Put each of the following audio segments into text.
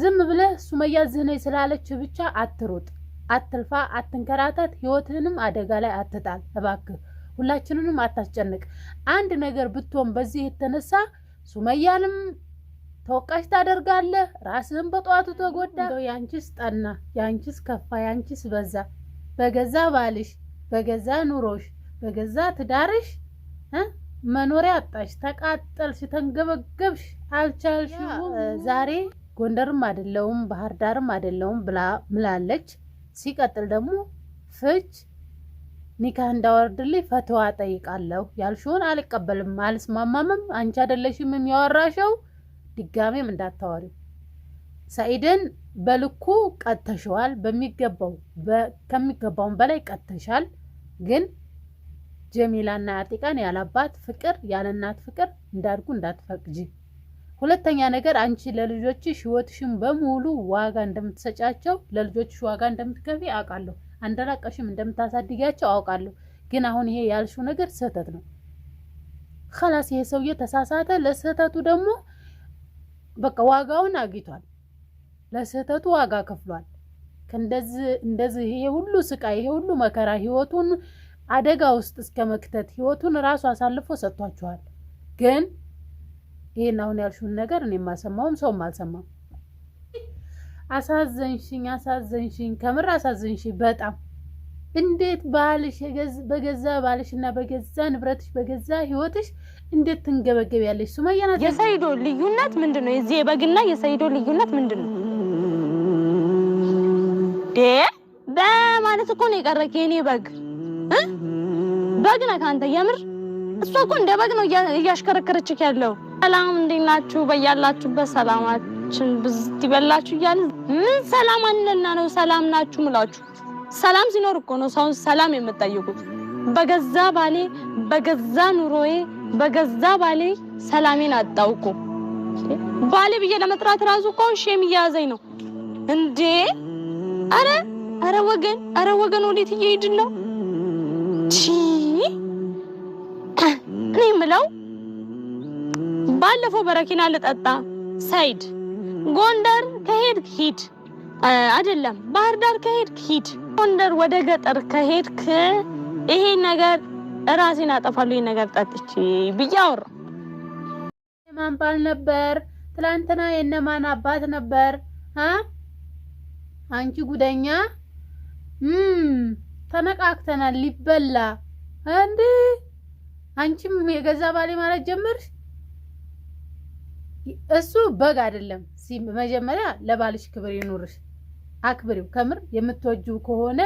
ዝም ብለህ ሱመያ እዚህ ስላለች ብቻ አትሩጥ፣ አትልፋ፣ አትንከራተት፣ ህይወትህንም አደጋ ላይ አትጣል። እባክህ ሁላችንንም አታስጨንቅ። አንድ ነገር ብትሆን በዚህ የተነሳ ሱመያንም ተወቃሽ ታደርጋለህ። ራስህን በጠዋቱ ተጎዳ። ያንቺስ ጠና፣ ያንቺስ ከፋ፣ ያንቺስ በዛ። በገዛ ባልሽ፣ በገዛ ኑሮሽ፣ በገዛ ትዳርሽ መኖሪያ አጣሽ፣ ተቃጠልሽ፣ ተንገበገብሽ፣ አልቻልሽ ዛሬ ጎንደርም አይደለውም ባህር ዳርም አይደለውም ብላ ምላለች። ሲቀጥል ደግሞ ፍች ኒካህ እንዳወርድልኝ ፈትዋ ጠይቃለሁ ያልሽውን አልቀበልም አልስማማምም፣ አንቺ አይደለሽም የሚያወራሸው ድጋሜም እንዳታወሪ ሰኢድን በልኩ ቀጥተሸዋል። በሚገባው ከሚገባውን በላይ ቀጥተሻል። ግን ጀሚላና አጢቃን ያላባት ፍቅር ያለናት ፍቅር እንዳድጉ እንዳትፈቅጂ። ሁለተኛ ነገር አንቺ ለልጆችሽ ህይወትሽን በሙሉ ዋጋ እንደምትሰጫቸው ለልጆችሽ ዋጋ እንደምትገቢ አውቃለሁ። አንደላቀሽም እንደምታሳድጊያቸው አውቃለሁ። ግን አሁን ይሄ ያልሽው ነገር ስህተት ነው። ከላስ ይሄ ሰውዬ ተሳሳተ። ለስህተቱ ደግሞ በቃ ዋጋውን አግኝቷል። ለስህተቱ ዋጋ ከፍሏል። እንደዚህ ይሄ ሁሉ ስቃይ ይሄ ሁሉ መከራ ህይወቱን አደጋ ውስጥ እስከ መክተት ህይወቱን ራሱ አሳልፎ ሰጥቷቸዋል ግን ይሄን አሁን ያልሽውን ነገር እኔም አልሰማውም ሰውም አልሰማም። አሳዘንሽኝ፣ አሳዘንሽኝ፣ ከምር አሳዘንሽኝ በጣም እንዴት ባልሽ በገዛ ባልሽ እና በገዛ ንብረትሽ በገዛ ህይወትሽ እንዴት ትንገበገብ ያለሽ ሱመያ ናት። የሰይዶ ልዩነት ምንድን ነው? የዚህ የበግና የሰይዶ ልዩነት ምንድን ነው? ዴ በማለት እኮ ነው የቀረክ የኔ በግ በግ ነህ የምር። እሷ እኮ እንደ በግ ነው እያሽከረከረችክ ያለው ሰላም እንዴት ናችሁ? በያላችሁበት ሰላማችን ብዝት ይበላችሁ እያለ ምን ሰላም አለና ነው ሰላም ናችሁ ምላችሁ። ሰላም ሲኖር እኮ ነው ሰውን ሰላም የምጠይቁት። በገዛ ባሌ በገዛ ኑሮዬ በገዛ ባሌ ሰላሜን አጣውቁ ባሌ ብዬ ለመጥራት ራሱ እኮ ሼም እያያዘኝ ነው እንዴ! አረ አረ ወገን አረ ወገን ወዴት እየሄድን ነው? እኔ የምለው ባለፈው በረኪና ልጠጣ ሰይድ፣ ጎንደር ከሄድክ ሂድ፣ አይደለም ባህር ዳር ከሄድክ ሂድ፣ ጎንደር ወደ ገጠር ከሄድክ ይሄ ነገር ራሴን አጠፋለሁ፣ ይሄ ነገር ጠጥቼ ብዬ አወራሁ። የማን ባል ነበር? ትላንትና የነማን አባት ነበር? አንቺ ጉደኛ ተነቃክተናል ሊበላ እንዴ! አንቺም የገዛ ባሌ ማለት ጀመርሽ? እሱ በግ አይደለም። መጀመሪያ ለባልሽ ክብር ይኑርሽ፣ አክብሪው። ከምር የምትወጂው ከሆነ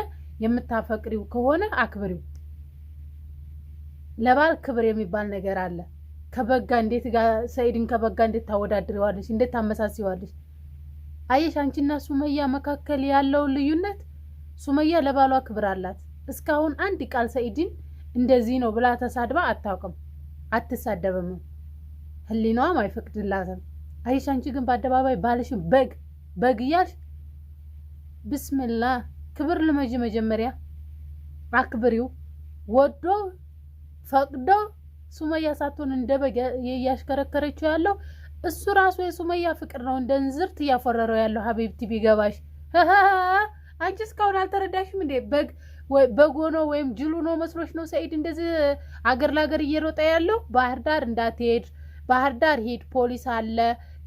የምታፈቅሪው ከሆነ አክብሪው። ለባል ክብር የሚባል ነገር አለ። ከበጋ እንዴት ጋር ሰኢድን ከበጋ እንዴት ታወዳድረዋለሽ? እንዴት ታመሳሲዋለሽ? አየሽ፣ አንቺና ሱመያ መካከል ያለውን ልዩነት። ሱመያ ለባሏ ክብር አላት። እስካሁን አንድ ቃል ሰኢድን እንደዚህ ነው ብላ ተሳድባ አታውቅም፣ አትሳደብም። ህሊናዋም አይፈቅድላትም። አይሽ አንቺ ግን በአደባባይ ባልሽን በግ በግ እያልሽ ብስምላ ክብር ልመጂ መጀመሪያ አክብሪው። ወዶ ፈቅዶ ሱመያ ሳትሆን እንደ በግ እያሽከረከረችው ያለው እሱ ራሱ የሱመያ ፍቅር ነው እንደ እንዝርት እያፈረረው ያለው። ሀቢብቲ ቢገባሽ አንቺ እስካሁን አልተረዳሽም እንዴ? በግ በጎ ነው ወይም ጅሉ ነው መስሎች ነው ሰኢድ እንደዚህ አገር ለአገር እየሮጠ ያለው። ባህር ዳር እንዳትሄድ ባህር ዳር ሂድ፣ ፖሊስ አለ፣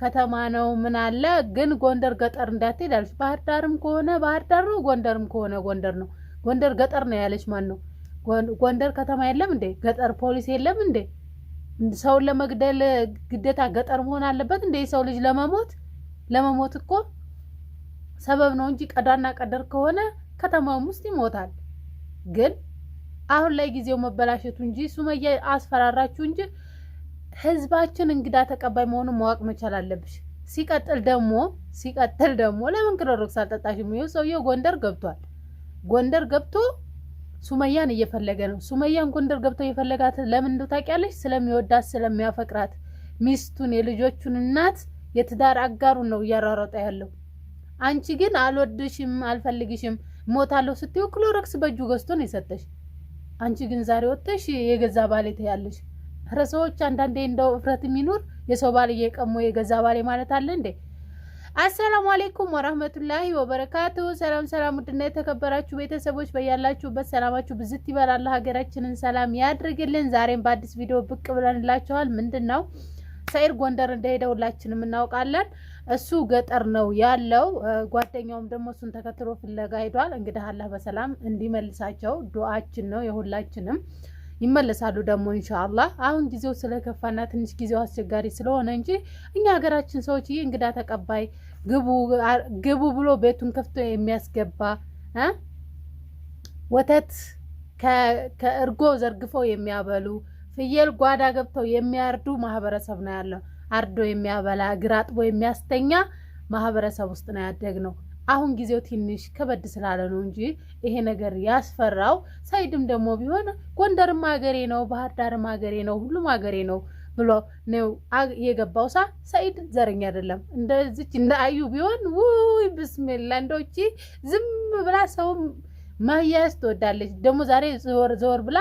ከተማ ነው፣ ምን አለ። ግን ጎንደር ገጠር እንዳትሄድ አለች። ባህር ዳርም ከሆነ ባህር ዳር ነው፣ ጎንደርም ከሆነ ጎንደር ነው። ጎንደር ገጠር ነው ያለች ማን ነው? ጎንደር ከተማ የለም እንዴ? ገጠር ፖሊስ የለም እንዴ? ሰውን ለመግደል ግዴታ ገጠር መሆን አለበት እንዴ? የሰው ልጅ ለመሞት ለመሞት እኮ ሰበብ ነው እንጂ ቀዳና ቀደር ከሆነ ከተማውም ውስጥ ይሞታል። ግን አሁን ላይ ጊዜው መበላሸቱ እንጂ ሱመያ አስፈራራችሁ እንጂ ህዝባችን እንግዳ ተቀባይ መሆኑን ማወቅ መቻል አለብሽ። ሲቀጥል ደግሞ ሲቀጥል ደግሞ ለምን ክሎሮክስ አልጠጣሽም? ይኸው ሰውዬው ጎንደር ገብቷል። ጎንደር ገብቶ ሱመያን እየፈለገ ነው። ሱመያን ጎንደር ገብቶ እየፈለጋት ለምን እንደው ታውቂያለሽ? ስለሚወዳት ስለሚያፈቅራት ሚስቱን የልጆቹን እናት የትዳር አጋሩን ነው እያሯሯጠ ያለው። አንቺ ግን አልወድሽም፣ አልፈልግሽም፣ ሞታለሁ ስትይው ክሎሮክስ በእጁ ገዝቶ ነው የሰጠሽ። አንቺ ግን ዛሬ ወጥተሽ የገዛ ባሌ ትያለሽ። ረሰዎች አንዳንዴ እንደው እፍረት የሚኖር የሰው ባል እየቀሙ የገዛ ባሌ ማለት አለ እንዴ? አሰላሙ አሌይኩም ወራህመቱላሂ ወበረካቱ። ሰላም ሰላም፣ ውድና የተከበራችሁ ቤተሰቦች በያላችሁበት ሰላማችሁ ብዝት ይበላል። ሀገራችንን ሰላም ያድርግልን። ዛሬም በአዲስ ቪዲዮ ብቅ ብለንላችኋል። ምንድን ነው ሰኢድ ጎንደር እንደሄደ ሁላችንም እናውቃለን። እሱ ገጠር ነው ያለው። ጓደኛውም ደግሞ እሱን ተከትሎ ፍለጋ ሄዷል። እንግዲህ አላህ በሰላም እንዲመልሳቸው ዱአችን ነው የሁላችንም። ይመለሳሉ ደግሞ ኢንሻአላህ። አሁን ጊዜው ስለከፋና ትንሽ ጊዜው አስቸጋሪ ስለሆነ እንጂ እኛ ሀገራችን ሰዎች ይህ እንግዳ ተቀባይ ግቡ ብሎ ቤቱን ከፍቶ የሚያስገባ ወተት ከእርጎ ዘርግፈው የሚያበሉ ፍየል ጓዳ ገብተው የሚያርዱ ማህበረሰብ ነው ያለው። አርዶ የሚያበላ እግር አጥቦ የሚያስተኛ ማህበረሰብ ውስጥ ነው ያደግ ነው። አሁን ጊዜው ትንሽ ከበድ ስላለ ነው እንጂ ይሄ ነገር ያስፈራው። ሳይድም ደግሞ ቢሆን ጎንደርም ሀገሬ ነው፣ ባህር ዳርም ሀገሬ ነው፣ ሁሉም ሀገሬ ነው ብሎ ነው የገባው። ሳ ሳይድ ዘረኛ አይደለም። እንደዚች እንደ አዩ ቢሆን ውይ ብስሚላ እንደውቺ ዝም ብላ ሰው መያዝ ትወዳለች። ደግሞ ዛሬ ዞር ዞር ብላ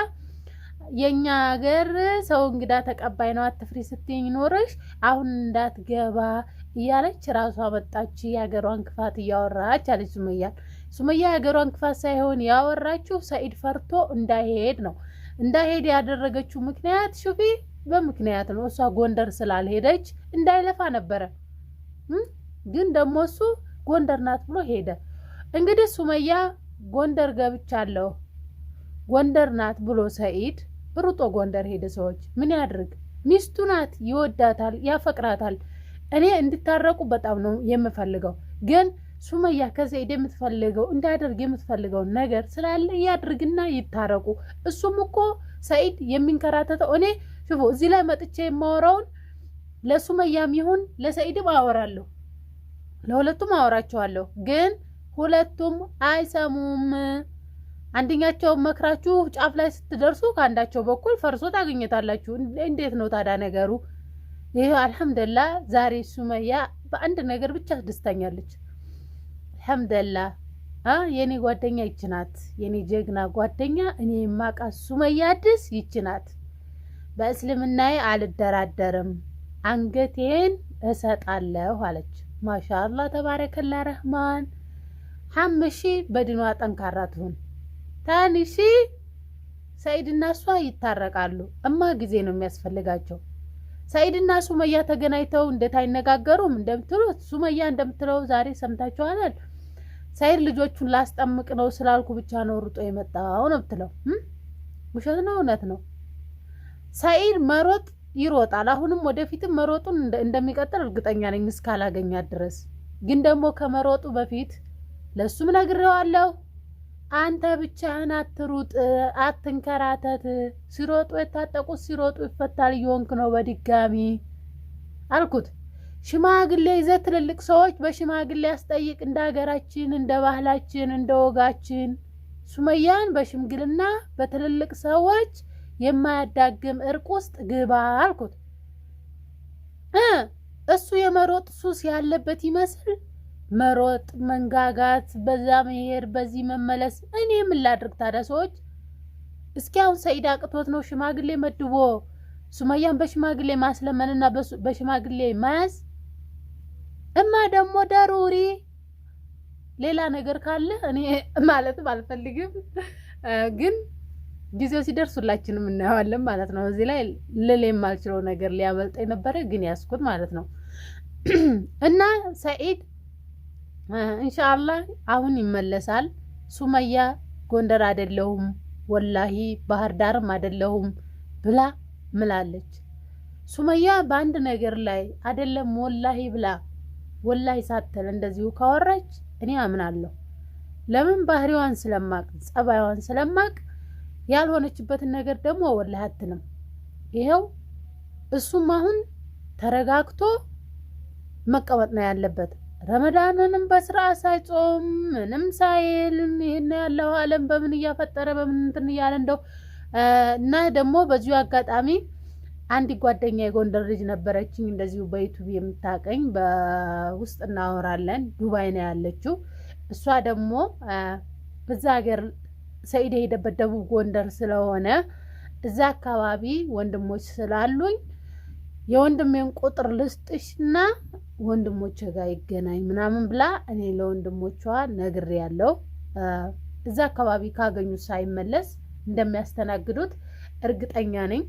የእኛ ሀገር ሰው እንግዳ ተቀባይ ነው አትፍሪ ስትኝ ኖረሽ አሁን እንዳትገባ እያለች ራሷ መጣች። የሀገሯን ክፋት እያወራች አለች ሱመያ። ሱመያ የሀገሯን ክፋት ሳይሆን ያወራችው ሰኢድ ፈርቶ እንዳይሄድ ነው። እንዳይሄድ ያደረገችው ምክንያት ሹፊ በምክንያት ነው። እሷ ጎንደር ስላልሄደች እንዳይለፋ ነበረ። ግን ደግሞ እሱ ጎንደር ናት ብሎ ሄደ። እንግዲህ ሱመያ ጎንደር ገብቻለሁ ጎንደር ናት ብሎ ሰኢድ ሩጦ ጎንደር ሄደ። ሰዎች ምን ያድርግ? ሚስቱ ናት፣ ይወዳታል፣ ያፈቅራታል። እኔ እንድታረቁ በጣም ነው የምፈልገው ግን ሱመያ ከሰኢድ የምትፈልገው እንዳደርግ የምትፈልገው ነገር ስላለ ያድርግና ይታረቁ። እሱም እኮ ሰኢድ የሚንከራተተው እኔ ሽፎ እዚህ ላይ መጥቼ የማወራውን ለሱመያም ይሁን ለሰኢድም አወራለሁ፣ ለሁለቱም አወራቸዋለሁ። ግን ሁለቱም አይሰሙም። አንደኛቸው መክራችሁ ጫፍ ላይ ስትደርሱ ከአንዳቸው በኩል ፈርሶ ታገኘታላችሁ። እንዴት ነው ታዳ ነገሩ? ይህ አልሐምደላ ዛሬ ሱመያ በአንድ ነገር ብቻ ደስታኛለች። አልሐምደላ የኔ ጓደኛ ይችናት፣ የኔ ጀግና ጓደኛ እኔ የማውቃት ሱመያ አዲስ ይችናት። በእስልምናዬ አልደራደርም አንገቴን እሰጣለሁ አለች። ማሻአላ ተባረከላ ረህማን ሐምሺ በድኗ ጠንካራ ትሁን። ታንሺ ሰኢድና እሷ ይታረቃሉ። እማ ጊዜ ነው የሚያስፈልጋቸው። ሰኢድና ሱመያ ተገናኝተው እንዴት አይነጋገሩም እንደምትሉት ሱመያ እንደምትለው ዛሬ ሰምታችኋላል። ሰኢድ ልጆቹን ላስጠምቅ ነው ስላልኩ ብቻ ነው ሩጦ የመጣው ነው ምትለው። ውሸት ነው እውነት ነው። ሰኢድ መሮጥ ይሮጣል። አሁንም ወደፊትም መሮጡን እንደሚቀጥል እርግጠኛ ነኝ እስካላገኛት ድረስ። ግን ደግሞ ከመሮጡ በፊት ለእሱም ነግሬዋለሁ አንተ ብቻህን አትሩጥ፣ አትንከራተት። ሲሮጡ የታጠቁት ሲሮጡ ይፈታል እየሆንክ ነው በድጋሚ አልኩት። ሽማግሌ ይዘ ትልልቅ ሰዎች በሽማግሌ ያስጠይቅ። እንደ ሀገራችን፣ እንደ ባህላችን፣ እንደ ወጋችን ሱመያን በሽምግልና በትልልቅ ሰዎች የማያዳግም እርቅ ውስጥ ግባ አልኩት። እሱ የመሮጥ ሱስ ያለበት ይመስል መሮጥ፣ መንጋጋት፣ በዛ መሄድ፣ በዚህ መመለስ። እኔ ምን ላድርግ ታዲያ? ሰዎች እስኪ አሁን ሰኢድ አቅቶት ነው ሽማግሌ መድቦ ሱመያን በሽማግሌ ማስለመንና በሽማግሌ መያዝ። እማ ደግሞ ደሩሪ ሌላ ነገር ካለ እኔ ማለትም አልፈልግም፣ ግን ጊዜው ሲደርስ ሁላችንም እናየዋለን ማለት ነው። እዚህ ላይ ልል የማልችለው ነገር ሊያመልጥ ነበረ፣ ግን ያስኩት ማለት ነው እና ሰኢድ ኢንሻአላህ አሁን ይመለሳል። ሱመያ ጎንደር አይደለሁም ወላሂ ባህር ዳርም አይደለሁም ብላ ምላለች። ሱመያ በአንድ ነገር ላይ አይደለም ወላሂ ብላ ወላሂ ሳትል እንደዚሁ ካወራች እኔ አምናለሁ። ለምን ባህሪዋን ስለማቅ ጸባይዋን ስለማቅ ያልሆነችበትን ነገር ደግሞ ወላሂ አትልም። ይኸው እሱም አሁን ተረጋግቶ መቀመጥ ነው ያለበት። ረመዳንንም በስርዓት ሳይጾም ምንም ሳይል ይህን ያለው አለም በምን እያፈጠረ በምን እንትን እያለ እንደው እና ደግሞ በዚሁ አጋጣሚ አንድ ጓደኛ የጎንደር ልጅ ነበረችኝ፣ እንደዚሁ በዩቱብ የምታቀኝ በውስጥ እናወራለን። ዱባይ ነው ያለችው። እሷ ደግሞ በዛ ሀገር ሰኢድ የሄደበት ደቡብ ጎንደር ስለሆነ እዛ አካባቢ ወንድሞች ስላሉኝ የወንድሜን ቁጥር ልስጥሽና ወንድሞች ጋር ይገናኝ ምናምን ብላ እኔ ለወንድሞቿ ነግር ያለው እዛ አካባቢ ካገኙት ሳይመለስ እንደሚያስተናግዱት እርግጠኛ ነኝ።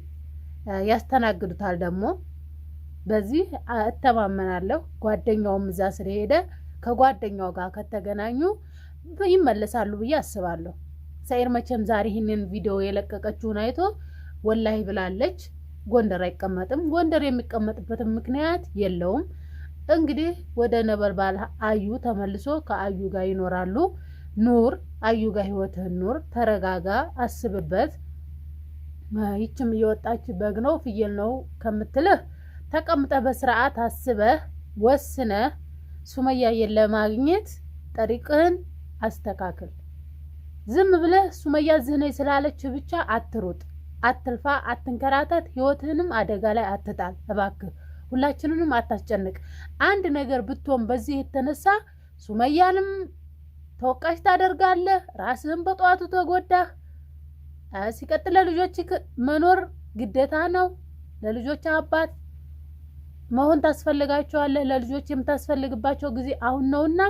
ያስተናግዱታል ደግሞ በዚህ እተማመናለሁ። ጓደኛውም እዛ ስለሄደ ከጓደኛው ጋር ከተገናኙ ይመለሳሉ ብዬ አስባለሁ። ሰኢድ መቼም ዛሬ ይህንን ቪዲዮ የለቀቀችውን አይቶ ወላሂ ብላለች። ጎንደር አይቀመጥም። ጎንደር የሚቀመጥበትም ምክንያት የለውም። እንግዲህ ወደ ነበልባል አዩ ተመልሶ ከአዩ ጋር ይኖራሉ። ኑር አዩ ጋር ህይወትህን ኑር፣ ተረጋጋ፣ አስብበት። ይችም እየወጣች በግ ነው ፍየል ነው ከምትልህ ተቀምጠ በስርዓት አስበህ ወስነህ ሱመያየን ለማግኘት ጠሪቅህን አስተካክል። ዝም ብለህ ሱመያ እዚህ ስላለች ብቻ አትሩጥ፣ አትልፋ፣ አትንከራተት፣ ህይወትህንም አደጋ ላይ አትጣል እባክህ። ሁላችንንም አታስጨንቅ። አንድ ነገር ብትሆን በዚህ የተነሳ ሱመያንም ተወቃሽ ታደርጋለህ፣ ራስህን በጠዋቱ ተጎዳህ። ሲቀጥል ለልጆች መኖር ግዴታ ነው። ለልጆች አባት መሆን ታስፈልጋቸዋለህ። ለልጆች የምታስፈልግባቸው ጊዜ አሁን ነውና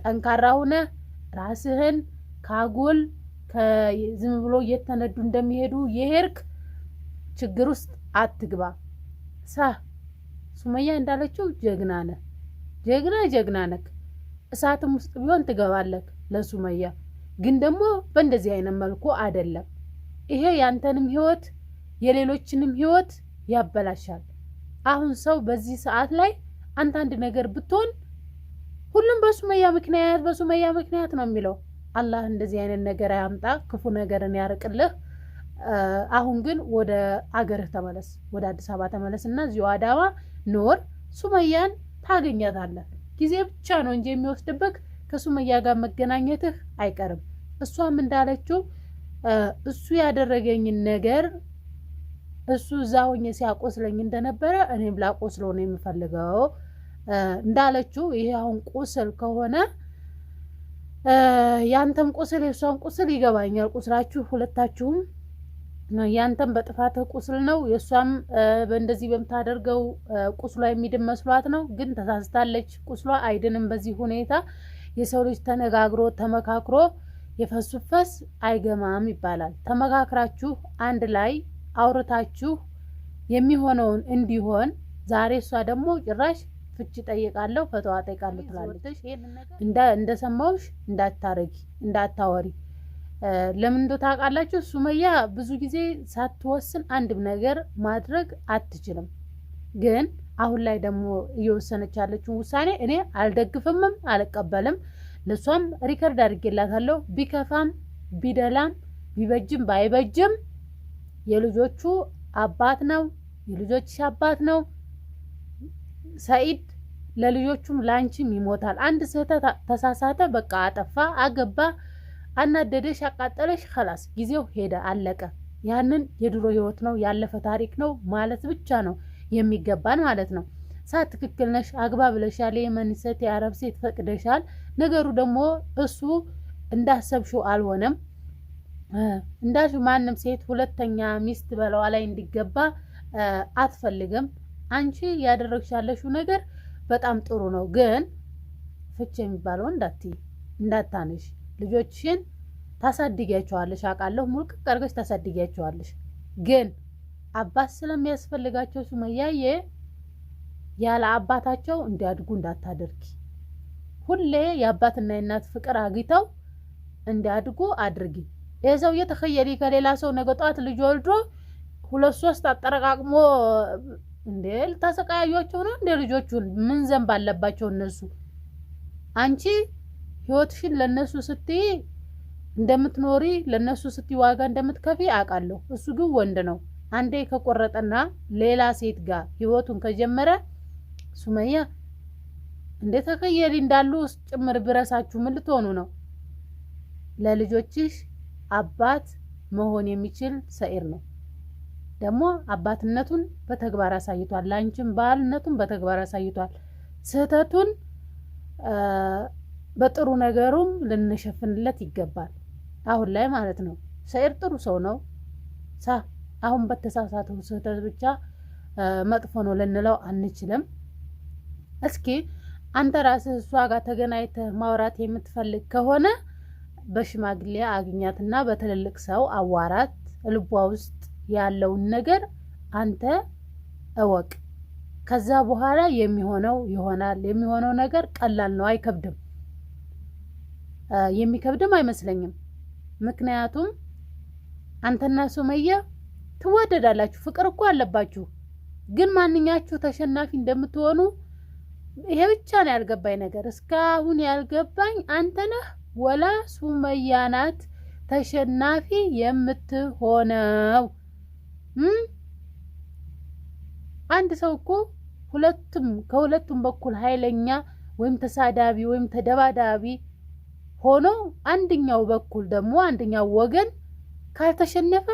ጠንካራ ሆነ ራስህን ካጎል ከዝም ብሎ እየተነዱ እንደሚሄዱ የሄርክ ችግር ውስጥ አትግባ ሳ ሱመያ እንዳለችው ጀግና ነህ፣ ጀግና ጀግና ነክ። እሳትም ውስጥ ቢሆን ትገባለክ ለሱመያ ግን ደግሞ በእንደዚህ አይነት መልኩ አይደለም። ይሄ ያንተንም ህይወት የሌሎችንም ህይወት ያበላሻል። አሁን ሰው በዚህ ሰዓት ላይ አንተ አንድ ነገር ብትሆን ሁሉም በሱመያ ምክንያት በሱመያ ምክንያት ነው የሚለው። አላህ እንደዚህ አይነት ነገር አያምጣ፣ ክፉ ነገርን ያርቅልህ። አሁን ግን ወደ አገርህ ተመለስ፣ ወደ አዲስ አበባ ተመለስ እና እዚሁ አዳማ ኖር ሱመያን ታገኛታለህ። ጊዜ ብቻ ነው እንጂ የሚወስድብህ ከሱመያ ጋር መገናኘትህ አይቀርም። እሷም እንዳለችው እሱ ያደረገኝን ነገር እሱ እዛ ሆኜ ሲያቆስለኝ እንደነበረ እኔም ላቆስለው ነው የምፈልገው እንዳለችው። ይሄ አሁን ቁስል ከሆነ ያንተም ቁስል የእሷን ቁስል ይገባኛል። ቁስላችሁ ሁለታችሁም ያንተም በጥፋት ቁስል ነው፣ የእሷም እንደዚህ በምታደርገው ቁስሏ የሚድን መስሏት ነው። ግን ተሳስታለች። ቁስሏ አይድንም። በዚህ ሁኔታ የሰው ልጅ ተነጋግሮ ተመካክሮ የፈሱፈስ አይገማም ይባላል። ተመካክራችሁ አንድ ላይ አውርታችሁ የሚሆነውን እንዲሆን ዛሬ እሷ ደግሞ ጭራሽ ፍቺ ጠይቃለሁ፣ ፈተዋ ጠይቃለሁ ትላለች። እንደሰማውሽ እንዳታረጊ እንዳታወሪ ለምን እንዶ ታውቃላችሁ? ሱመያ ብዙ ጊዜ ሳትወስን አንድም ነገር ማድረግ አትችልም። ግን አሁን ላይ ደግሞ እየወሰነች ያለችውን ውሳኔ እኔ አልደግፍምም አልቀበልም። ለሷም ሪከርድ አድርጌላታለሁ። ቢከፋም ቢደላም ቢበጅም ባይበጅም የልጆቹ አባት ነው፣ የልጆች አባት ነው ሰኢድ። ለልጆቹም ላንቺም ይሞታል። አንድ ስህተት ተሳሳተ፣ በቃ አጠፋ፣ አገባ አናደደሽ፣ አቃጠለሽ፣ ከላስ ጊዜው ሄደ፣ አለቀ። ያንን የድሮ ህይወት ነው ያለፈ ታሪክ ነው ማለት ብቻ ነው የሚገባን ማለት ነው። ሳት ትክክል ነሽ፣ ለሻል፣ የመን ሴት የአረብ ሴት ፈቅደሻል። ነገሩ ደግሞ እሱ እንዳሰብሽው አልሆነም። እንዳሽ ማንም ሴት ሁለተኛ ሚስት በለዋ ላይ እንዲገባ አትፈልግም። አንቺ ያደረግሻለሽው ነገር በጣም ጥሩ ነው፣ ግን ፍች የሚባለው እንዳታነሽ ልጆችን ታሳድጊያቸዋለሽ፣ አውቃለሁ። ሙልቅቅ አድርገሽ ታሳድጊያቸዋለሽ። ግን አባት ስለሚያስፈልጋቸው ሱመያየ ያለ አባታቸው እንዲያድጉ እንዳታደርጊ። ሁሌ የአባትና የእናት ፍቅር አግኝተው እንዲያድጉ አድርጊ። ይህ ሰውዬ ከሌላ ሰው ነገ ጠዋት ልጅ ወልዶ ሁለት ሶስት አጠረቃቅሞ እንዴ ልታሰቃያዩቸው ነው እንደ ልጆቹን ምን ዘንብ አለባቸው እነሱ አንቺ ህይወትሽን ለነሱ ስትይ እንደምትኖሪ ለነሱ ስትይ ዋጋ እንደምትከፊ አውቃለሁ። እሱ ግን ወንድ ነው። አንዴ ከቆረጠና ሌላ ሴት ጋር ህይወቱን ከጀመረ ሱመያ እንደ ተከየሪ እንዳሉ ጭምር ብረሳችሁ ምን ልትሆኑ ነው? ለልጆችሽ አባት መሆን የሚችል ሰኢር ነው። ደግሞ አባትነቱን በተግባር አሳይቷል። ለአንቺም ባልነቱን በተግባር አሳይቷል። ስህተቱን በጥሩ ነገሩም ልንሸፍንለት ይገባል። አሁን ላይ ማለት ነው። ሰኢድ ጥሩ ሰው ነው። ሳ አሁን በተሳሳተው ስህተት ብቻ መጥፎ ነው ልንለው አንችልም። እስኪ አንተ ራስህ እሷ ጋር ተገናኝተህ ማውራት የምትፈልግ ከሆነ በሽማግሌ አግኛትና በትልልቅ ሰው አዋራት። ልቧ ውስጥ ያለውን ነገር አንተ እወቅ። ከዛ በኋላ የሚሆነው ይሆናል። የሚሆነው ነገር ቀላል ነው፣ አይከብድም። የሚከብድም አይመስለኝም። ምክንያቱም አንተና ሱመያ ትወደዳላችሁ ፍቅር እኮ አለባችሁ። ግን ማንኛችሁ ተሸናፊ እንደምትሆኑ ይሄ ብቻ ነው ያልገባኝ ነገር። እስካሁን ያልገባኝ አንተ ነህ ወላ ሱመያ ናት ተሸናፊ የምትሆነው? አንድ ሰው እኮ ሁለቱም ከሁለቱም በኩል ኃይለኛ ወይም ተሳዳቢ ወይም ተደባዳቢ ሆኖ አንደኛው በኩል ደግሞ አንደኛው ወገን ካልተሸነፈ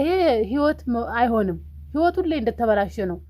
ይሄ ህይወት አይሆንም። ህይወቱን ላይ እንደተበላሸ ነው።